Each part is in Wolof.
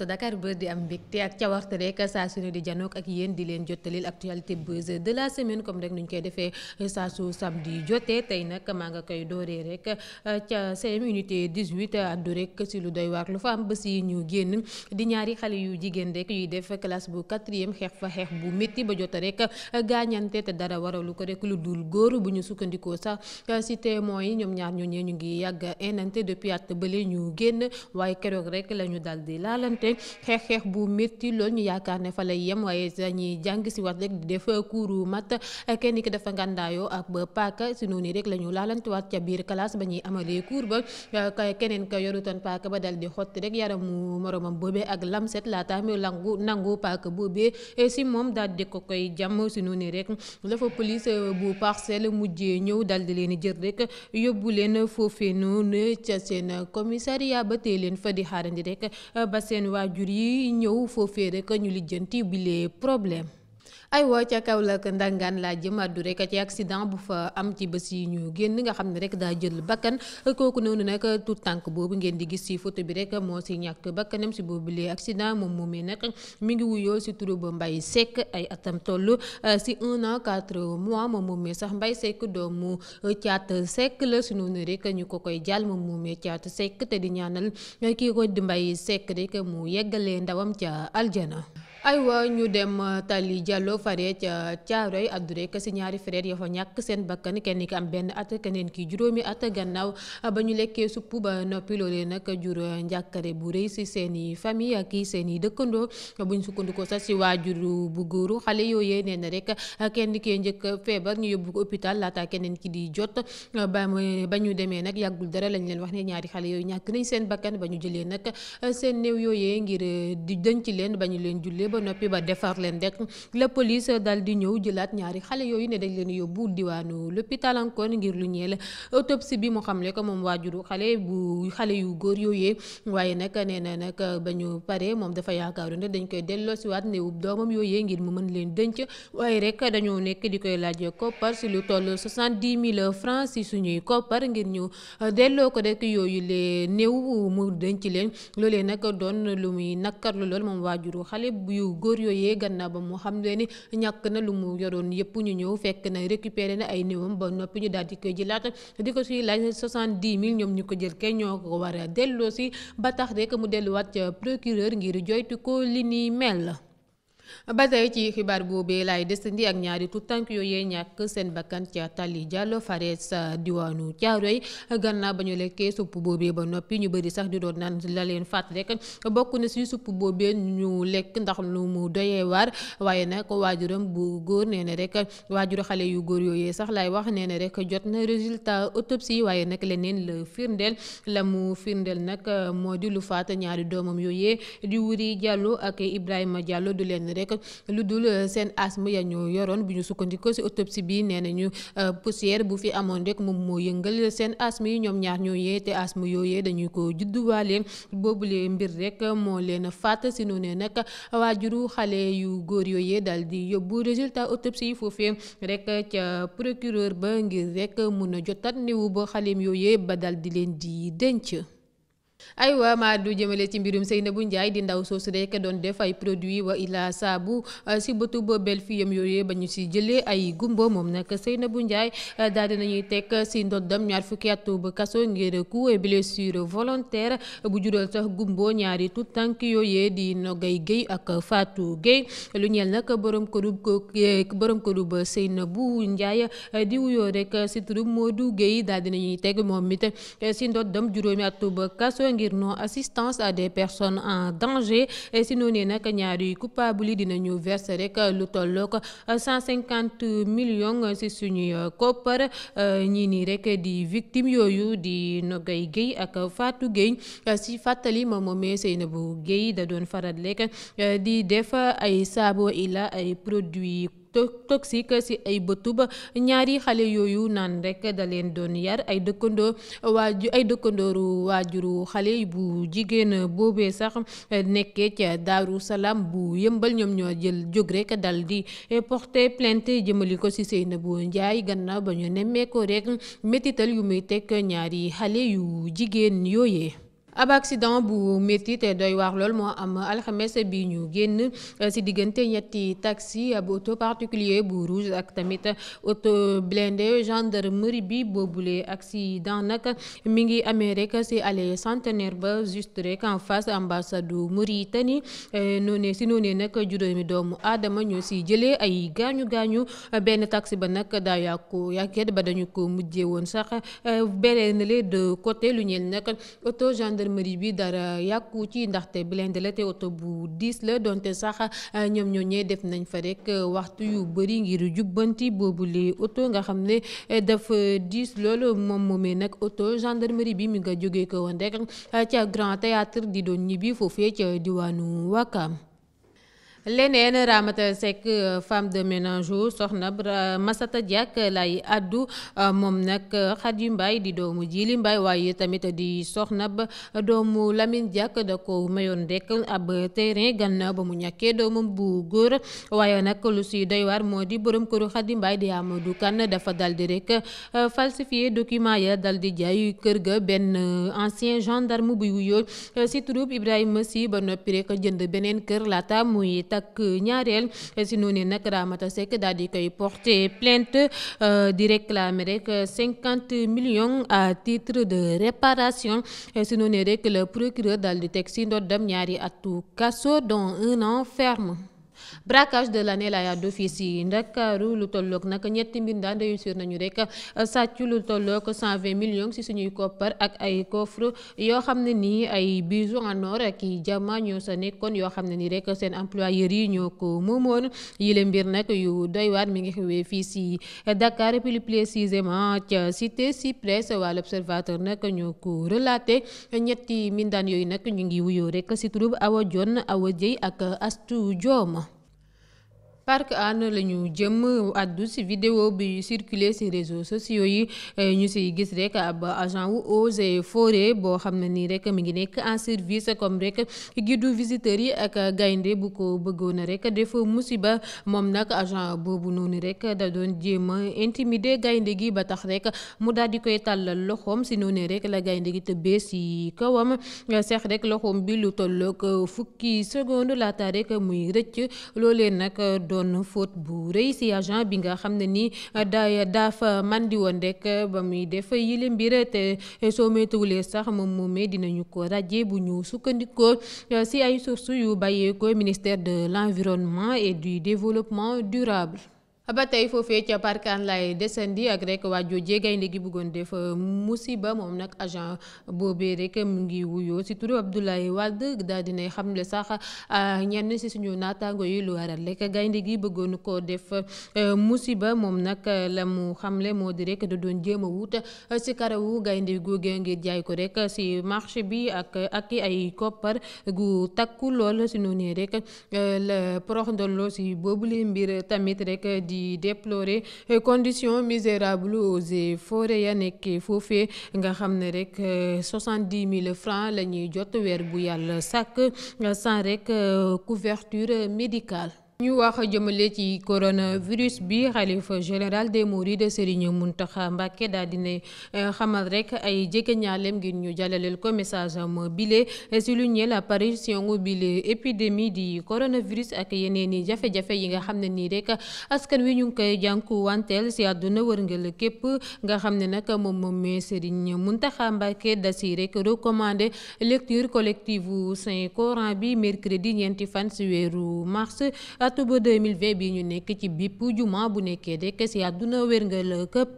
internet Dakar Buzz di am mbégte ak cawarte rek saa su ne di janook ak yéen di leen jottalil actualité buzz de la semaine comme rek nuñ koy defee saa su samedi jotee tey nag maa nga koy dooree rek euh, ca CM unité 18 addu rek si lu doy waar lu fa am bés yi ñu génn di ñaari xale yu jigéen rek yuy def classe bu quatrième xeex fa xeex bu métti ba jota rek gaañante te dara waralu ko rek lu dul góor bu ñu sukkandikoo sax si témoins yi ñoom ñaar ñooñee ñu ngi yàgg enante depuis at bële ñu arrêté xeex xeex bu métti lool ñu yaakaar ne fa lay yem waaye dañuy jàng si wat rek di def kuuru mat kenn ki dafa ngàndaayoo ak ba paaka si noonu rek la ñu laalantuwaat ca biir classe ba ñuy amalee kuur ba keneen ka yorutoon paaka ba dal di xotti rek yaramu moromam boobee ak lamset laata mi langu nangu paaka boobee si moom daal di ko koy jàmm si noonu rek la fa police bu parcelle mujjee ñëw dal di leen jël rek yóbbu leen foofee noonu ca seen commissariat ba tee leen fa di xaarandi rek ba seen waa jur yi ñëw foofee rek ñu lijjanti bile problème. ay aywa ca Kaolack ndangaan laa jëm àddu rek ci accident bu fa am ci bés yi ñu génn nga xam ne rek daa jël bakkan kooku noonu nag tout tànk boobu ngeen di gis si photo bi rek moo si ñàkk bakkanam si boobu lee accident moom moomee nag mi ngi wuyoo si turu ba mbay sekk ay atam toll si euh, un an quatre mois moom moomee sax Mbaye Seck doomu caat euh, Seck la si noonu rek ñu ko koy jaal moom moomee caat Seck te di ñaanal kii ko di mbay sekk rek mu yeggalee ndawam ca aljana aywa ñu dem euh, Tali Diallo fare ca Caaroy addu rek si ñaari frère ya fa ñàkk seen bakkan kenn ki am benn at keneen ki juróomi at gannaaw euh, ba ñu lekkee supp ba noppi loolee nag jur euh, njàkkare bu rëy si seen i famille ak i seen i dëkkandoo bu ñu sax si waajuru bu góoru xale yooyee nee na rek kenn kee njëkk feebar ñu yóbbu ko hôpital laata keneen ki di jot ba ba ñu demee nag yàggul dara lañ leen wax ne ñaari xale yooyu ñàkk nañ seen bakkan ba ñu jëlee nag seen néew yooye ngir di denc leen ba ñu leen jullee ba noppi ba defar leen rek la police dal di ñëw jëlaat ñaari xale yooyu ne dañ leen yóbbu diwaanu l'hôpital encore ngir lu ñeel autopsie bi mu xamle ko moom waajuru xale bu xale yu góor yooyee waaye nag nee na nag ba ñu paree moom dafa yaakaaru ne dañ di koy laaj koppar si lu toll soixante-dix mille francs si suñuy koppar ngir yu góor yooyee gannaaw ba mu xam ne ni ñàkk na lu mu yoroon yëpp ñu ñëw fekk na récupéré na ay néewam ba noppi ñu daal di koy la di ko suy laaj soixante-dix mille ñoom ñu ko jël kay ñoo ko war a delloo si ba tax rek mu delluwaat ca procureur ngir joytu ko li ni mel. ba tey ci xibaar boobee laay desandi ak ñaari tout tànk yooyee ñàkk seen bakkan ca Tali Diallo fare sa diwaanu Caaroy gannaaw ba ñu lekkee supp boobee ba noppi ñu bari sax di doon naan la leen fàtt rek bokk na si suppu boobee ñu lekk ndax lu mu doyee war waaye nag waajuram bu góor nee na rek waajuru xale yu góor yooyee sax laay wax nee na rek jot na résultat autopsie waaye nag leneen la firndeel la mu firndeel nag moo di lu faat ñaari doomam yooyee di rek lu dul euh, seen asthme ya ñu yoroon bu ñu sukkandikoo ci autopsie bi nee nañu euh, poussière bu fi amoon rek moom moo yëngal seen asthme yi ñoom ñaar ñoo yee te asthme yooyee dañuy ko boobu boobule mbir rekk moo leen faat si noonu nag waajuru xale yu góor yooyee daal di yóbbu résultat autopsie yi foofee rek ca procureur ba ngir rek mun a jotat néew ba xaleem yooyee ba dal leen di denc. aywa maa du jëmale ci mbirum Seynabou njaay di ndaw soosu rek doon def ay produit wa ila saabu euh, si bëtu ba bel fiyam yooyu ba ñu si jëlee ay gumbo moom nag Seynabou Ndiaye euh, daal di nañuy teg si ndoddam ñaar fukki at ba kaso ngir coup et blessure volontaire bu jural sax gumbo ñaari tout tànk yooyu di Nogay Guèye ak Fatou Guèye lu nag borom kërub eh, borom kërub Seynabou Ndiaye euh, di wuyoo rek si turu Modou Guèye daal di nañuy teg moom it si ndoddam juróomi at ba kaso ngir non assistance à des personnes en danger si noonee nag ñaari coupable yi dina ñu verser rek lu tollook 150 millions si suñuy koppar euh, ñii nii rek di victime yooyu di Nogay Guèye ak faatu Guèye si fàttali moom moomee Seynabou Guèye da doon faral rek euh, di def ay saabu ila ay produits toxique ci ay bëtub ñaari xale yooyu naan rekk da leen doon yar ay dëkkandoo waaju ay dëkkandooru waajuru xale bu jigéen boobee sax nekkee ca Daaru Salaam bu yëmbal ñoom ñoo jël jóg rekk dal di porter plainte jëmali ko ci Seynabou Ndiaye gannaaw ba ñu nemmeekoo rek métital yu muy teg ñaari xale yu jigéen yooye ab accident bu métti te doy waar lool moo am alxames bi ñu génn si eh, diggante ñetti taxi ab auto particulier bu rouge ak tamit auto blindé gendarmerie bi boobule accident nag mi ngi amee si allée centenaire ba juste rek en face ambassade du Mauritanie eh, noonee si noonee nag juróomi doomu aadama ñoo si jëlee ay gaañu gaañu benn taxi ba nag daa yàqu yàqeet ba dañu ko mujje woon sax eh, beneen le de côté lu ñeel nag auto gendarmerie gendarmerie bi dara yàqu ci ndaxte blindé la te oto bu diis la donte sax euh, ñoom ñooñee def nañ fa rek euh, waxtu yu bëri ngir jubbanti boobu li oto nga xam ne euh, dafa diis loolu moom moomee nag oto gendarmerie bi mu nga jógee ko woon rek ca Grand Théâtre di doon ñibbi foofee ca diwaanu Wakaam leneen Ramata Seck femme de ménage soxna Masata Diak lay addu moom nag Khady Mbaye di doomu Djily Mbaye waaye tamit di soxna ba doomu Lamine Diak da ko mayoon rek ab terrain gannaaw ba mu ñàkkee doomam bu góor waaye nag lu si doy moo di borom kër Khady Mbaye di Amadou Kane dafa dal di rek falsifier document dal di jaay kër ga benn ancien gendarme buy wuyoo si turub Ibrahima si ba noppi rek jënd beneen kër laata muy. takk ñaareel si noonu nag Ramata Seck daal di koy porter plainte euh, di réclamer rek cinquante millions à titre de réparation si noonu rek le procureur daal di teg si ndoddam ñaari atu kaso dont un an braquage de l'année la yaa d'office yi ndakaaru lu tolloog nag ñetti mbindaan réussir nañu rek sàcc lu tolloog 120 millions ci suñuy koppar ak ay coffre yoo xam ne nii ay bijoux en or ak i jama ñoo sa nekkoon yoo xam ne nii rek seen employeurs yi ñoo ko moomoon yile mbir nag yu doy waar mi ngi xewee fii ci Dakar plus précisément ca cité Cyprès waa l'Observateur nag ñoo ko relaté ñetti mbindaan yooyu nag ñu ngi wuyoo rek ci turub Awa Jon Awa Jëy ak Astu Joom parc Hann la ñu jëm addu ci vidéo bi circulé ci réseaux sociaux yi eh, ñu ciy gis rek ab agent wu eaux et boo xam ne nii rek mi ngi nekk en service comme rek giddu visiteurs yi ak gaynde bu ko bëggoon a rek def musiba moom nag agent boobu noonu rek da doon jéem a intimider gaynde gi ba tax rek mu daal di koy tàllal loxoom si noonu rek la gaynde gi tëbbee ci kawam seex rek loxoom bi lu tollook fukki seconde laata rek muy rëcc loolee nag. doon faute bu rëy si agent bi nga xam ne ni daa daafa di woon rek ba muy def yile mbir te soo moytuwulee sax moom moomee dinañu ko ràjjee bu ñu sukkandikoo si ay sources yu bàyyeekoo ministère de l'environnement et du développement durable ba tey foofee ca parkaan lay desandi ak rek waajoo jéegaynde gi bëggoon def euh, musiba moom nag agent boobee rek mu ngi wuyoo si turu Abdoulaye Wade daal dinay xamle sax euh, ñenn si suñu naataango yi lu waral rek gaynde gi bëggoon koo def euh, musiba moom nag la mu xamle moo di rek da doon jéem a wut si karawu gaynde googe ngir jaay ko rek si marché bi ak ak ay koppar gu takku lool si noonu rek la ndolloo si boobule mbir tamit rek di déplorer conditions misérables eaux et ya nekkee foofee nga xam ne rek euh, soixante-dix mille francs la ñuy jot weer bu yàlla sàkk sans rek euh, couverture médicale ñu wax jëmale ci coronavirus bi xalifa général des mourides Serigne Mountakha Mbacké daal dina eh, xamal rek ay jege ñaalem ngir ñu jàllaleel ko message am bile eh, si lu ñeel apparition bile épidémie di coronavirus ak yeneen i jafe-jafe yi nga xam ne nii rek askan wi ñu ngi koy jànku wanteel si àdduna wërngël képp nga xam ne nag moom moom Serigne Mountakha Mbacké da si rek recommandé lecture collective Saint Coran bi mercredi ñeenti fan si weeru mars. atub 2020 bi ñu nekk ci bipp juma bu nekkee rek du na wér nga la këpp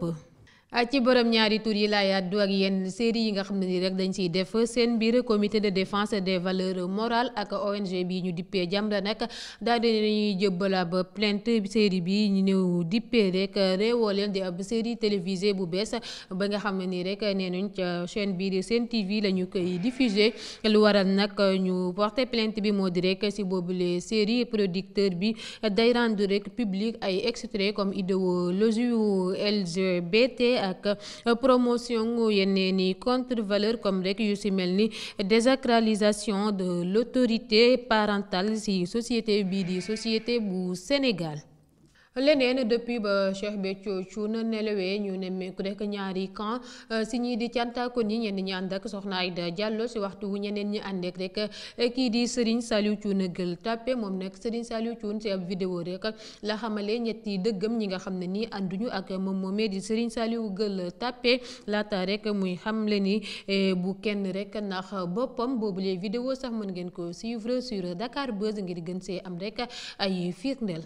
Ah, ci borom ñaari tur yi laay àddu ak yenn série yi nga xam ne ni rek dañ siy def seen biir comité de défense des valeurs morales ak ONG bi ñu dippee Jamra nag daal dinañuy jëbbal ab plainte série bi ñu néew dippee rek réewoo leen di ab série télévisée bu bees ba nga xam ne nii rek nee nañ ca chaîne biir Sen TV la ñu koy diffusé lu waral nag ñu porté plainte bi moo di rek si boobule série producteur bi day rendre rek public ay extrait comme idéologie LGBT ak promotion yeneen i contre valeur comme rek yu si mel ni désacralisation de l'autorité parentale si société bii di société bu Sénégal leneen depuis ba Cheikh Béthio Thioune nelawee ñu nemmeeku rek ñaari camp euh, si ñii di cantaakon yi ñenn ñi ànd ak soxna Aïda Diallo si waxtu wu ñeneen ñi ànd ak rek euh, kii di Serigne Saliou Thioune Gueule Tapée moom nag Serigne Saliou Thioune si ab vidéo rek la xamale ñetti dëggam ñi nga xam ne nii ànduñu ak moom moomee di Serigne Saliou Gueule Tapée laata rek muy xam le ni euh, bu kenn rek ndax boppam boobu boobulee vidéo sax mën ngeen ko suivre sur Dakar Buzz ngir gën see am rek ay firndeel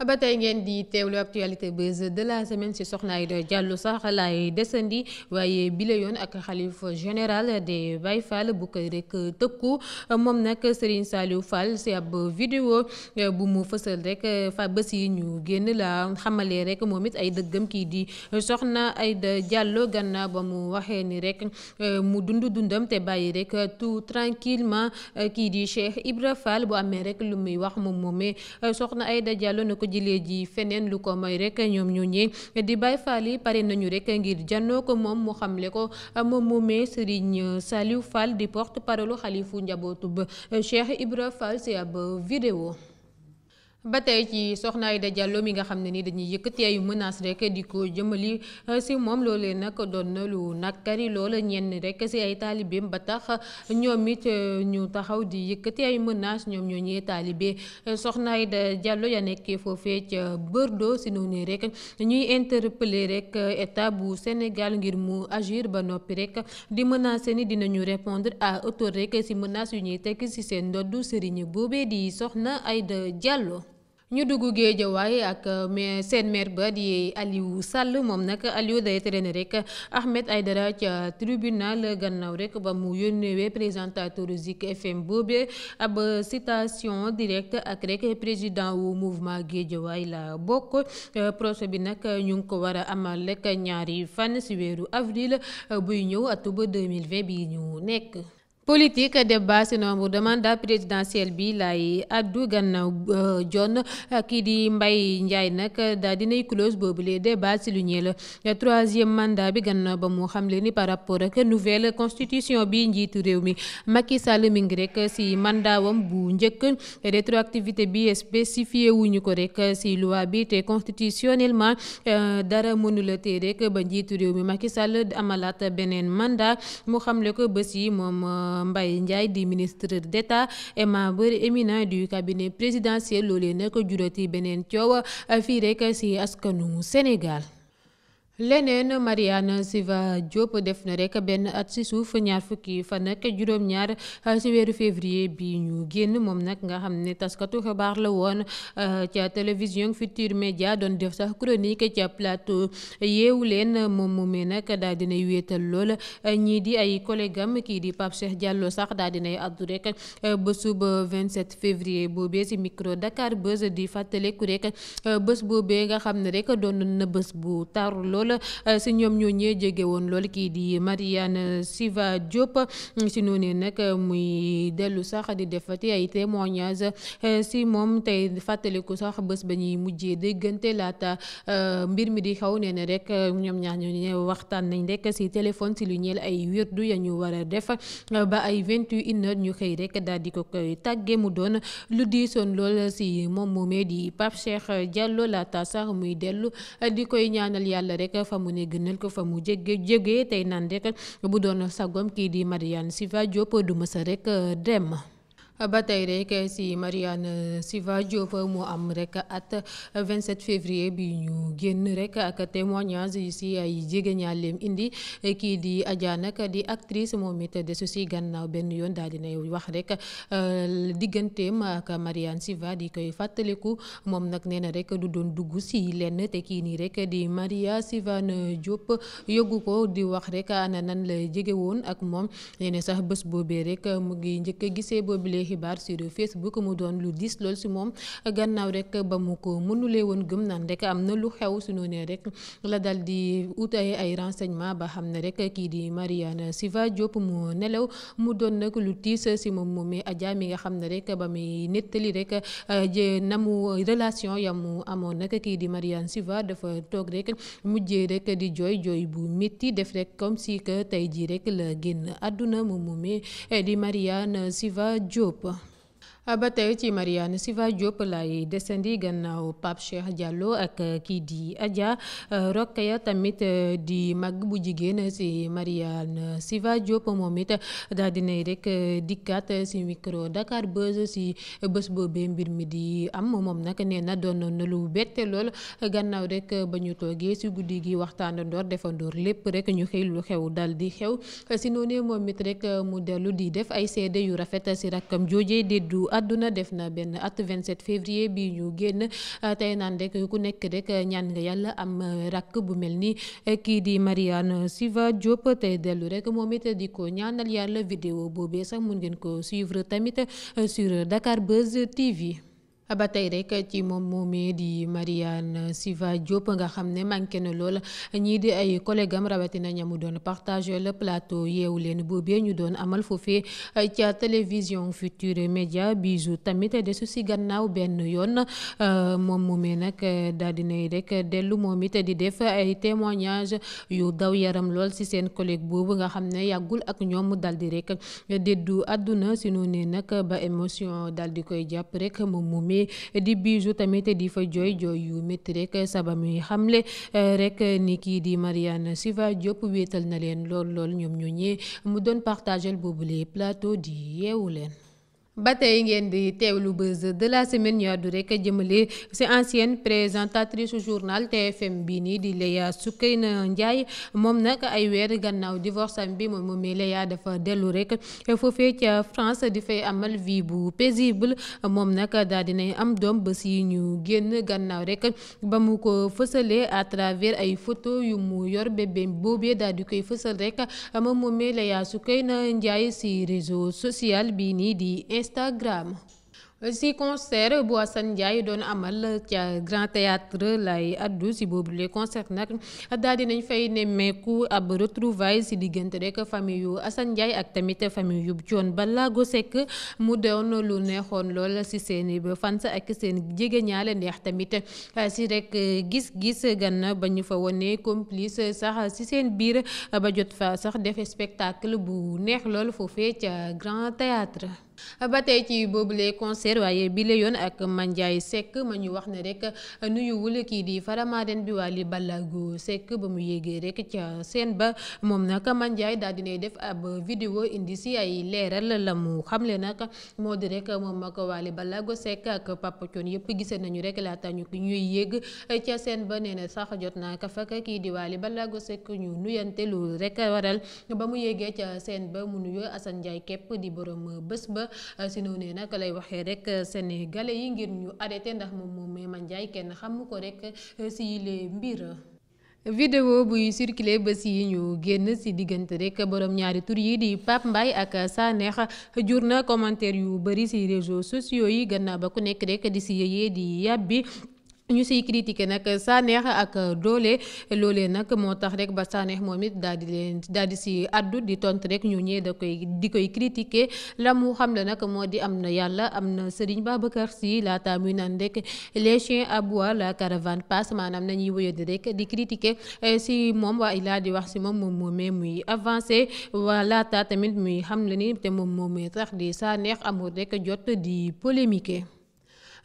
Ah, ba tey ngeen di teewlu actualité buzz de la semaine ci Soxna Aïda Diallo sax laay desandi waaye bile yoon ak xalif général de Baye Fall bu koy rek tëkku moom nag Serigne Saliou Fall ci ab vidéo eh, bu mu fësal rek eh, fa bés yi ñu génn laa xamale rek moom it ay dëggam kii di Soxna Aïda jàlloo gannaaw ba mu waxee ni rek eh, mu dund dundam te bàyyi rek tout tranquillement kii di Cheikh Ibra Fall bu amee rek lu muy wax moom moomee Soxna Aïda Diallo ko jilee ji feneen lu ko may rek ñoom ñu ñee di Baye Fall yi pare nañu rek ngir jannoo ko moom mu xamle ko moom moomee Serigne Saliou Fall di porte parole xalifu njabootu ba Cheikh Ibra Fall ba ab vidéo ba tey ci soxna Aïda Diallo mi nga xam ne ni dañuy yëkkati ay menaces rek di ko jëmmali eh, si moom loolee nag doon na lu nakari loola ñenn rek si ay taalibeem ba tax ñoom it eh, ñu taxaw di yëkkati ay menaces ñoom ñoo ñee eh, soxna Aïda Diallo ya nekkee foofee ca Bordeaux si noonu rek ñuy interpeller rek état bu Sénégal ngir mu agir ba noppi rek di menacer ni dinañu répondre à autor rek si menaces yu ñuy teg si seen ndoddu sëriñ boobee di soxna Aïda jàlloo ñu dugg Géejawaay ak euh, seen maire ba di Aliou Sall moom nag Aliou day traîner rek Ahmed Aïdara ca tribunal gannaaw rek ba mu yónnewee présentateur Zik FM boobee ab citation directe ak rek président wu mouvement Géejawaay la bokk euh, procès bi nag ñu ngi ko war a amal rek ñaari fan si weeru avril euh, buy ñëw atuba 2020 bi ñu nekk. politique débat si nombre de mandat présidentiel bi lay addu gannaaw euh, jon kii di mbay Ndiaye nag daal dinay close boobu les débat si lu ñeel la troisième mandat bi gannaaw ba mu xamle ni par rapport ak nouvelle constitution bi njiitu réew mi Macky Sall mi ngi rek si mandat bu njëkk rétroactivité bi spécifié wuñu ko rek si loi bi te constitutionnellement euh, dara mënula tee rek ba njiitu réew mi Macky Sall amalaat beneen mandat mu xamle ko bés yi moom. Euh, Mbaye Ndiaye di ministre d'État et membre éminent du cabinet présidentiel loolee nag jurati beneen coow fii rek ci mu Sénégal leneen Marianne Siva Diop def na rek benn at si suuf ñaar fukki fan ak juróom-ñaar si ah, weeru février bi ñu génn moom nag nga xam ne taskatu xibaar la woon ah, ca télévision Futurs Médias doon def sax chronique ca plateau yeewu leen moom moomee nag daal dinay wéetal lool ah, ñii di ay collègue kii di Pape Cheikh Diallo sax daal dinay addu rek ba vingt 27 février boobee si micro Dakar Buzz di fàttaliku rek bés boobee nga xam ne rek doon na bés bu tar lool la eh, si ñoom ñoo ñee jege woon lool kii di Marianne Siva Diop si noonu nag muy dellu sax di defati ay témoignages eh, si moom tey fàttaliku sax bés ba ñuy mujjee déggante laata eh, mbir mi di xaw nee na rek ñoom ñaar ñoo waxtaan nañ rek si téléphone si lu ñeel ay wirdu ya ñu war a ba ay vingt et ñu xëy rek daal di ko koy tàgge mu doon lu diisoon lool si moom moomee di Pape Cheikh laata sax muy dellu di koy ñaanal yàlla rek. rek fa mu ne gënal ko fa mu jege jege tey naan rek bu doon sagoom kii di Marianne Siva Diop du mësa rek euh, dem. ba tey rek si Marianne Siva Diop mu am rek at 27 février bi ñu génn rek ak témoignage yi si ay jegeñaaleem indi kii di Adja di actrice moom it desu si gannaaw benn yoon daal dinay wax rek euh, digganteem ak Marianne Siva di koy fàttaliku moom nag neena na rek du doon dugg si lenn te kii nii rek di Maria Sivane Diop yóggu ko di wax rek ana nan la jege woon ak moom nee sax bés boobee rek mu ngi njëkk a gisee boobile. yooyu xibaar sur Facebook mu doon lu diis lool si moom gannaaw rek ba mu ko mënulee woon gëm naan rek am na lu xew su noonee rek la dal di utay ay renseignement ba xam ne rek kii di Mariane Siva Diop mu nelaw mu doon nag lu tiis si moom moomee Adja mi nga xam ne rek ba muy nettali rek je na mu relation ya mu amoon nag kii di Mariane dafa toog rek mujjee rek di jooy jooy bu métti def rek comme si que tey jii rek la génn àdduna moom moomee di Mariane Siva Diop grupo. Ah, ba tey ci Marianne Siva Diop lay desandi gannaaw Pape Cheikh Diallo ak kii di Adja eh, ya tamit eh, di mag bu jigéen si Marianne Siva moom it daal dinay rek eh, dikkaat si micro Dakar Buzz si bés boobee mbir mi di am moom nag nee na doon na lu bette lool gannaaw rek ba ñu toogee si guddi gi waxtaan ndoor defandoor lépp rek ñu xëy lu xew dal di xew si noonu moom it rek mu dellu di def ay seede yu rafet si rakkam joojee déddu adduna def na benn at 27 février bi ñu génn euh, tey naan rek ku nekk rek ñaan nga yàlla am euh, rakk bu mel ni euh, kii di Marianne Siva Diop tey dellu rek moom it di ko ñaanal yàlla vidéo boobee sax mun ngeen ko suivre tamit sur Dakar Buzz TV. Ah, ba tey rek ci moom moomee di Marianne Siva Diop nga xam ne manqué na lool ñii di ay collègue am rawatina ñamu doon partagé le plateau yeewu leen boobee ñu doon amal foofee ca télévision Futurs bi bisu tamit desu si gannaaw benn yoon ah, moom moomee nag daal dinay rek dellu moom it di def ay témoignage yu daw yaram lool si seen collègue boobu nga xam ne yàggul ak ñoom dal di rek déddu àdduna si noonu nag ba émotion dal koy jàpp rek moom boobee di bijou tamit di fa jooy jooy yu métti rek saba muy xamle eh, rek ni kii di Marianne Siva Diop wéetal na leen lool lool ñoom ñoo ñee mu doon partagel boobu les plateau di yeewu leen ba tey ngeen di teew lu buzz de la semaine ñu àddu rek jëmale ci ancienne présentatrice journal TFM bii nii di su Leya Soukeyna Ndiaye moom nag ay weer gannaaw divorce am bi moom moomee Leya dafa dellu rek foofee ca di fay amal vie bu paisible moom nag daal dinay am doom bés yi ñu génn gannaaw rek ba mu ko fësalee à travers ay photo yu mu yor bébé boobee daal di koy fësal rek moom moomee Leya Soukeyna Ndiaye ci réseau social bii nii di Instagram. si concert bu Assane Ndiaye doon amal ca Grand Théâtre lay addu si boobu les concert nag daal dinañ fay nemmeeku ab retrouvaille si diggante rek famille yu Assane Ndiaye ak tamit famille yu Thione Ballago Seck mu doon neexoon lool si seeni ba ak seen jegeñaale neex tamit si rek gis-gis gan ba ñu fa wone complice sax si seen biir ba jot fa sax def spectacle bu neex lool foofee ca Grand Théâtre ba tey ci boobule concert waaye bile yoon ak Mandiaye sekk ma ñu wax ne rek nuyuwul kii di Faramareen bi Wally Ballago sekk ba mu yéegee rek ca seen ba moom nag Mandiaye daal dinay def ab vidéo indi si ay leeral la mu xamle nag moo di rek moom ak Wally Ballago Seck ak Papa yëpp gisee nañu rek laata ñu ñuy yéeg ca seen ba nee na sax jot naa ka fekk kii di Wally Ballago Seck ñu nuyante loolu rek waral ba mu yéegee ca seen ba mu nuyoo Assane Ndiaye képp di borom bés ba Euh, si noonee nag lay waxee rek sénégalais yi ngir ñu arrêté ndax moom moom ma Ndiaye kenn xamu ko rek euh, si yile mbir. vidéo buy circulé bés yi ñu génn si diggante rek borom ñaari tur yi di Pape Mbaye ak Sanex jur na commentaire yu bari ci réseaux sociaux yi gannaaw ba ku nekk rek di ci yëyee di yàbbi ñu siy critiqué nag Sanex ak doole loole nag moo tax rek ba sànneex moom it daal di leen daal di si addu di tontu rek ñu ñee da koy di koy critiqué la mu xam ne nag moo di am na yàlla am na Serigne Babacar Sy laata muy naan rek les chiens aboient la caravane passe maanaam nañuy wëyadi rek di critiqué eh, si moom waa ilaa di wax si moom moom moomee muy avancé waa laata tamit muy xam la ni te moom moomee sax di Sanex amul rek jot di polémiquer.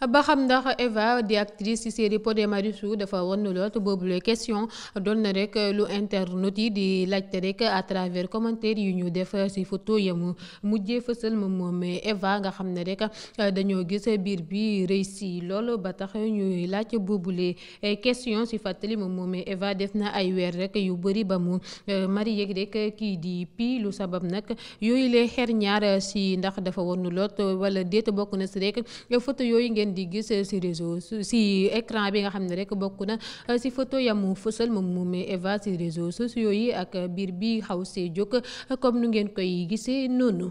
ba xam ndax Eva di actrice ci série Pod et Marichou dafa won loot boobule question doon na rek lu internautes yi di laajte rek à travers commentaire yu ñu def ci photo yamu mujjee fësal moom moom Eva nga xam ne rek dañoo gis biir bi réussi loolu ba tax ñuy laaj boobule question ci fàttali moom moom Eva def na ay weer rek yu bëri ba mu euh, marié rek kii di pii lu sabab nag yooyu lee xer ñaar ci ndax dafa won loot wala déet bokk na si rek photo yooyu ngeen ngeen di euh, si réseau si écran bi nga xam ne rek bokk na euh, si photo yamu fësal moom muumee Eva si réseaux sociaux yi ak euh, biir bi xaw see jóg comme nu ngeen koy gisee noonu.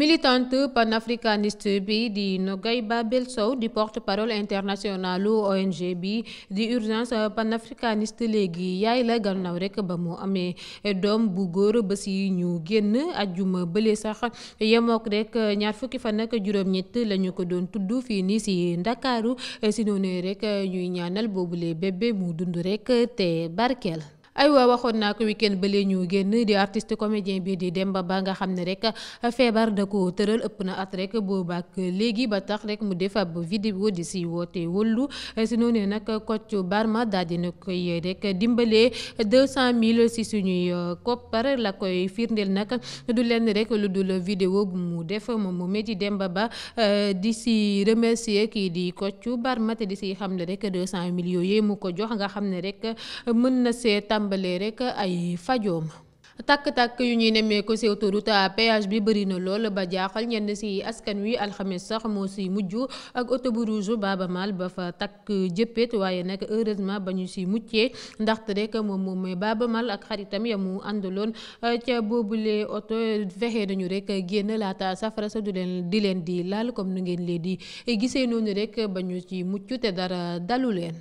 militante panafricaniste bi di Nogay Babel Sow di porte-parole internationalu ONG bi di urgence panafricaniste léegi yaay la gannaaw rek ba mu amee doom bu góor ba si ñu génn ajjuma bële sax yemook rek ñaar fukki fan ak juróom-ñett la ñu ko doon tudd fii nii si Ndakaaru si noonu rek ñuy ñaanal boobu boobule bébé mu dund rek te barkeel. aywa waxoon naa ko week-end ba lee génn di artiste comédien bii di Demba Ba nga xam ne rek feebar da ko tëral ëpp na at rek boobaak léegi ba tax rek mu def ab vidéo di si woote wëllu si noonu nag Kocc Barma daal dina koy rek dimbalee 200000 si suñuy euh, koppar la koy firndeel nag du lenn rek lu dul vidéo bu mu def moom mu métti Demba Ba euh, di si remercier kii di Kocc Barma te di si xam ne rek 200000 yooyu mu ko jox nga xam ne rek mën na see tàmbalee rek ay fajoom tàkk-tàkk yu ñuy nemmeeku ci autoroute à péage bi bëri na lool ba jaaxal ñenn ci askan wi alxames sax moo ci mujj ak auto bu rouge Baaba Maal ba fa takk jëppét waaye nag heureusement ba ñu ci muccee ndaxte rek moom moom mooy Baaba Maal ak xaritam ya mu àndaloon euh, ca boobule oto fexe nañu rek génn laata safara sa du leen di leen di laal comme nu ngeen leen di gisee noonu rek ba ñu ci mucc te dara dalu leen.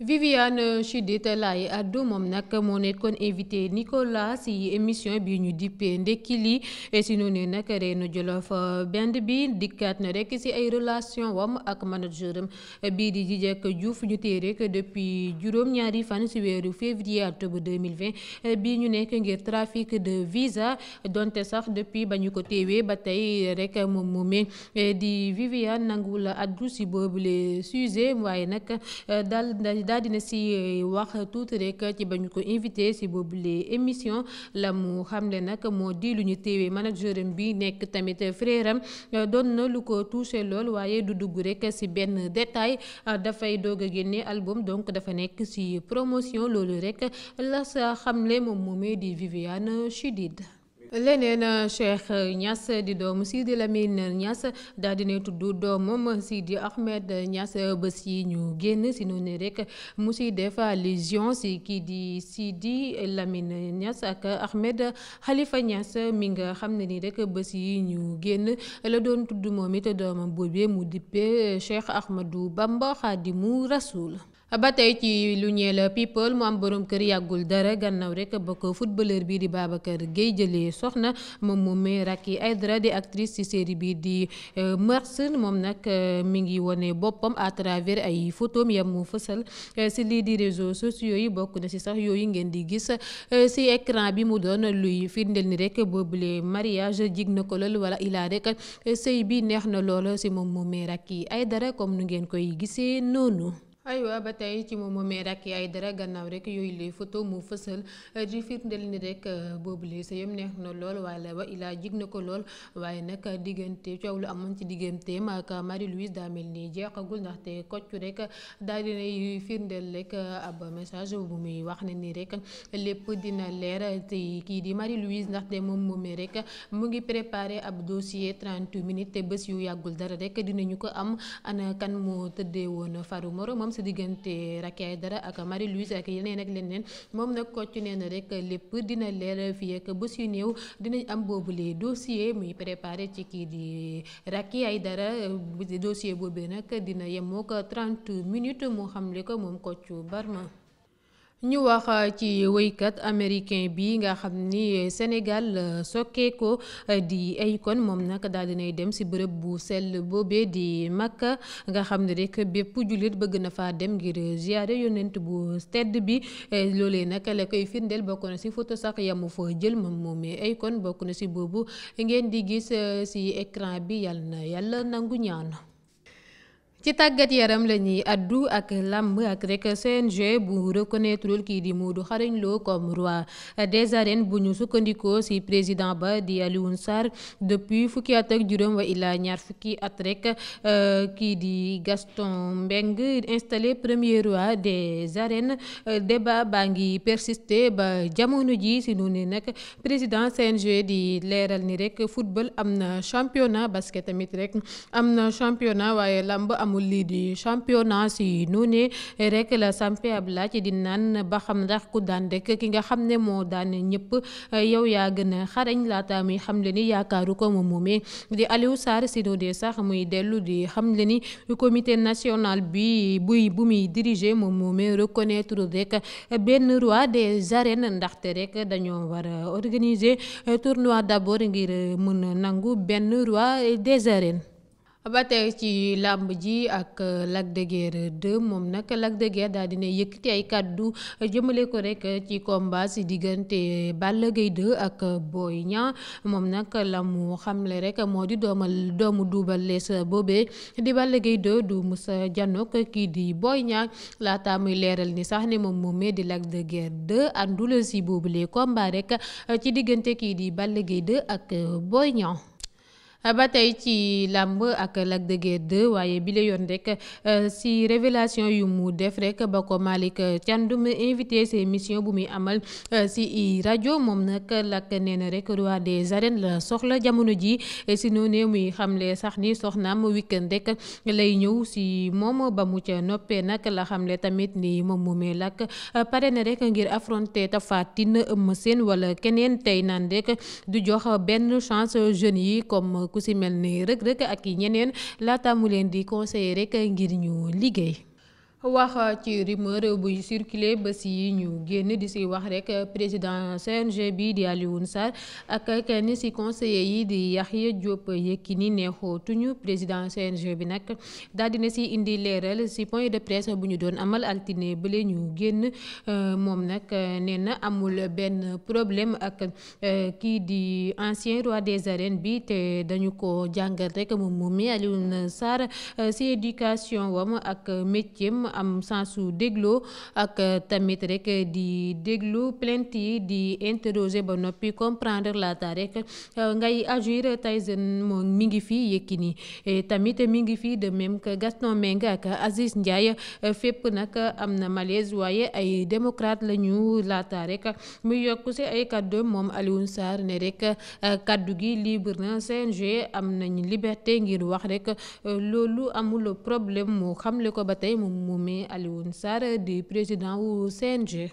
Viviane Chidid Laye addu moom nag moo kon invité nikola si émission bi ñu dippee ndekki li si noonu nag reenu Jolof euh, bend bi dikkaat na rek si ay relation wam ak manager am bii di Djidiack Diouf ñu téye rek depuis juróom-ñaari fan si weeru février octobre 2020 euh, bii ñu nekk ngir trafic de visa donte sax depuis ba ñu ko téewee ba tey rek moom moomee euh, di Viviane nanguwul addu si boobule sujet waaye nag dal daal dina si euh, wax tuuti rek ci ba ñu ko invité si boobule émission la mu xamle nag moo di lu ñu téewee manager am bi nekk tamit frère euh, doon na lu ko touché lool waaye du dugg rek si benn détail euh, dafay dog a génne album donc dafa nekk si promotion loolu rek la sa xamle moom moomee di Viviane Chidid leneen euh, Cheikh Niass di doomu Sidi Lamine Niass daal di ne tudd doomam Sidi Ahmed Niass bés yi ñu génn si noonu rek mu si def allusion si kii di Sidi Lamine Niass ak Ahmed xalifa Niass mi nga xam ne ni rek bés yi ñu génn la doon tudd moom it doomam boobee mu dippee Cheikh Ahmadou Bamba Khadimu Rasoul ba tey ci lu la people mu am boroom kër yàggul dara gannaaw rek ba ko footballeur bii di baaba kër Gueye jëlee soxna moom mu may ay Aïdara di actrice ci série bii di euh, Mœurs moom nag euh, mi ngi wone boppam à travers ay photos yam mu fësal euh, ci lii di réseaux sociaux yi bokk na ci sax yooyu ngeen di gis ci écran bi mu doon luy firndeel ni rek boobule mariage jig na ko lal wala ilaa rek sëy bi neex na lool ci moom mu may Racky Aïdara comme nu ngeen koy gisee noonu. aywa ba tey ci moom moomee Racky dara gannaaw rek yooyu lay photo mu fësal eh, di firndeel ni rek eh, boobu lay sëyam neex na lool wala wa ilaa jig na ko lool waaye nag diggante coow lu amoon ci digganteem ak Marie-Louise daa mel ni jeexagul ndaxte koccu rek daal dinay firndeel rek ab message bu muy wax ne ni rek lépp dina leer te kii di Marie-Louise ndaxte moom moomee rek mu ngi préparé ab dossier 30 minutes te bés yu yàggul dara rek dinañu ko am ana kan moo tëddee woon faru moromam si diggante Racky dara ak Marie Louise ak yeneen ak leneen moom nag Kocc nee na rek lépp dina leer fii ak bés yu néew dinañ am boobu les dossier muy préparé ci kii di Racky Aïdara dossier boobu nag dina yemoo ko 30 minutes moo xam ne ko moom Kocc Barma ñu wax euh, ci wéykat américain bi nga xam ni euh, Sénégal euh, sokkee ko di ay kon moom naka daal dinay dem si bërëb bu sell boobee di Makka nga xam ne rek bépp jullit bëgg na faa dem ngir ziare yonent bu tedd bi loolee naka la koy firndeel bokk na si photo sax yamu fa jël moom moomee ay kon bokk na si boobu ngeen di gis si ecran bi yàlla na yàlla nangu ñaan ci tàggat yaram la ñuy addu ak làmb ak rek CNG bu reconnaître kii di Modou Xarañ Lo comme roi des arènes bu ñu sukkandikoo ci président ba di Alioune sar depuis fukki at ak juróom wa illaa ñaar fukki at rek euh, kii di Gaston Mbengue installé premier roi des arènes euh, débat baa ngi persister ba jamono ji ci noonu nag président CNG di leeral ni rek football am na championnat basket tamit rek am na championnat waaye làmb am amul lii di championnat si noonu rek la sampe ab laaj di naan ba xam ndax ku daan rek ki nga xam ne moo daan ñëpp yow yaa gën a xarañ laata muy xam le ni yaakaaru ko moom moomee di Aliou Sarr si noonu sax muy dellu di xam le ni comité national bi buy bu muy diriger moom moomee reconnaître rek benn roi des arènes ndaxte rek dañoo war a organiser tournoi d'abord ngir mën a nangu benn roi des arènes ba tey ci làmb ji ak euh, Lac de moom naka Lac de Guiers daal dina yëkkati ay kàddu jëmale ko rek ci komba si diggante Balla Gaye 2 ak Boy ña moom nag la mu xamle rek moo di doomal doomu Double sa boobee di Balla Gaye 2 du musa janook kii di Boy Niang laata muy leeral ni sax ne moom moomee di Lac de Guiers 2 àndul si boobule combat ci diggante kii di Balla Gaye 2 ak Boy Niang Ah, ba tey ci làmb ak Lac de Guiers waaye bi la yoon rek euh, si révélation yu mu def rek ba ko Malick Thiandoum invité ses émission bu muy amal si euh, rajo moom nag Lac nee rek roi des arènes la soxla jamono ji si noonee muy xamle sax ni soxnaam weekend rek lay ñëw si moom ba mu ca noppee nak la xamle tamit ni moom moomee Lac euh, pare na rek ngir affronter Tapha Tine Eumeu Sène wala keneen tey naan rek du jox benn chance jeunes yi comme ku si mel nii rëg-rëg ak yi ñeneen laata mu leen di conseiller rek ngir ñu liggéey. wax euh, ci rumeur buy circuler bés yi ñu génn di si wax rek euh, président CNG bi di Alioune Sarr ak kenn si conseiller yi di Yaxya Diop Yékini neexootuñu président CNG bi nag daal na si indi leeral si point de presse bu ñu doon amal altine bale ñu génn euh, moom nag nee na amul benn problème ak kii di ancien roi des arènes bi te dañu ko jàngal rek moom moom mi Alioune Sarr si éducation wam ak métier am sensu dégloo ak tamit rek di déglu plainte yi di interroger ba noppi comprendre laata rek euh, ngay agir Tyson moom mi ngi fi Yékini tamit mi ngi fi de même que Gaston Mbengue ak Aziz Ndiaye euh, fépp nag am na malaise waaye ay démocrate la ñu laata rek mu yokk si ay kaddu moom Alioune Sarr ne rek euh, kaddu gi libre na CNG am nañ liberté ngir wax rek loolu amul problème mu xamle ko ba tey moom nommé Alioune Sarr di président wu CNG.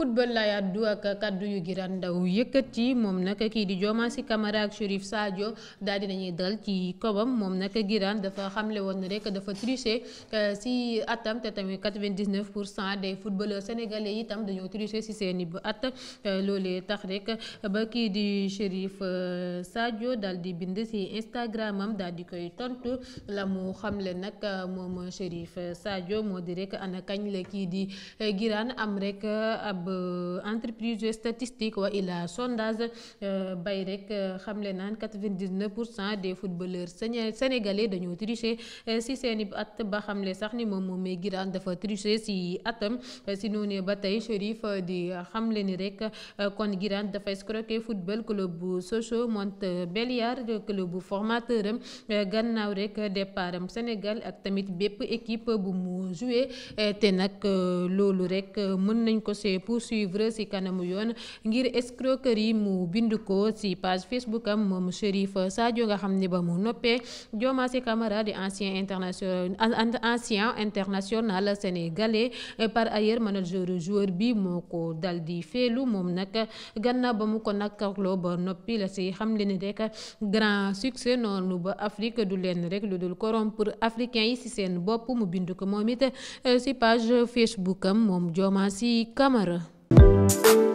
football la yàddu ak kaddu yu Guirane Ndaw yëkkati moom nag kii di Diomansy Kamara ak Chérif Sadio daal dinañuy dal ci kobam moom nag Guirane dafa xamle woon rek dafa tricher euh, si atam te tamit 99 pour cent des footballeurs sénégalais yi tam dañoo tricher si seeni bu at euh, loolee tax rek ba kii di Chérif euh, Sadio daal di bind si Instagram am daal di koy tontu la mu xamle nag moom Chérif Sadio moo di rek ana kañ la kii di Guirane am rek ab. Euh, entreprise statistique wa ila sondage euh, bay rek euh, xamle naan 99 pour cent des footballeurs sénégalais dañoo tricher si seeni at ba xamle sax ni moom moom Guirane dafa tricher si atam si noonee ba tey Chérif di xamle ni rek kon Guirane dafa escroquer football club bu Sochaux Montbéliard club bu formateur am gannaaw rek départ am Sénégal ak tamit bépp équipe bu mu joué te nag loolu rek mën nañ ko see pour poursuivre ci kanamu yoon ngir escroquerie mu bind ko si page Facebook am moom Chérif Sadio nga xam ne ba mu noppee Diomaye Camara di ancien international ancien international sénégalais par ailleurs manager joueur bi moo ko dal di féelu moom nag gannaaw ba mu ko nakarloo ba noppi la ci xam le ni rek grand succès du leen rek lu dul corrompre africain yi seen bopp mu bind ko moom thank you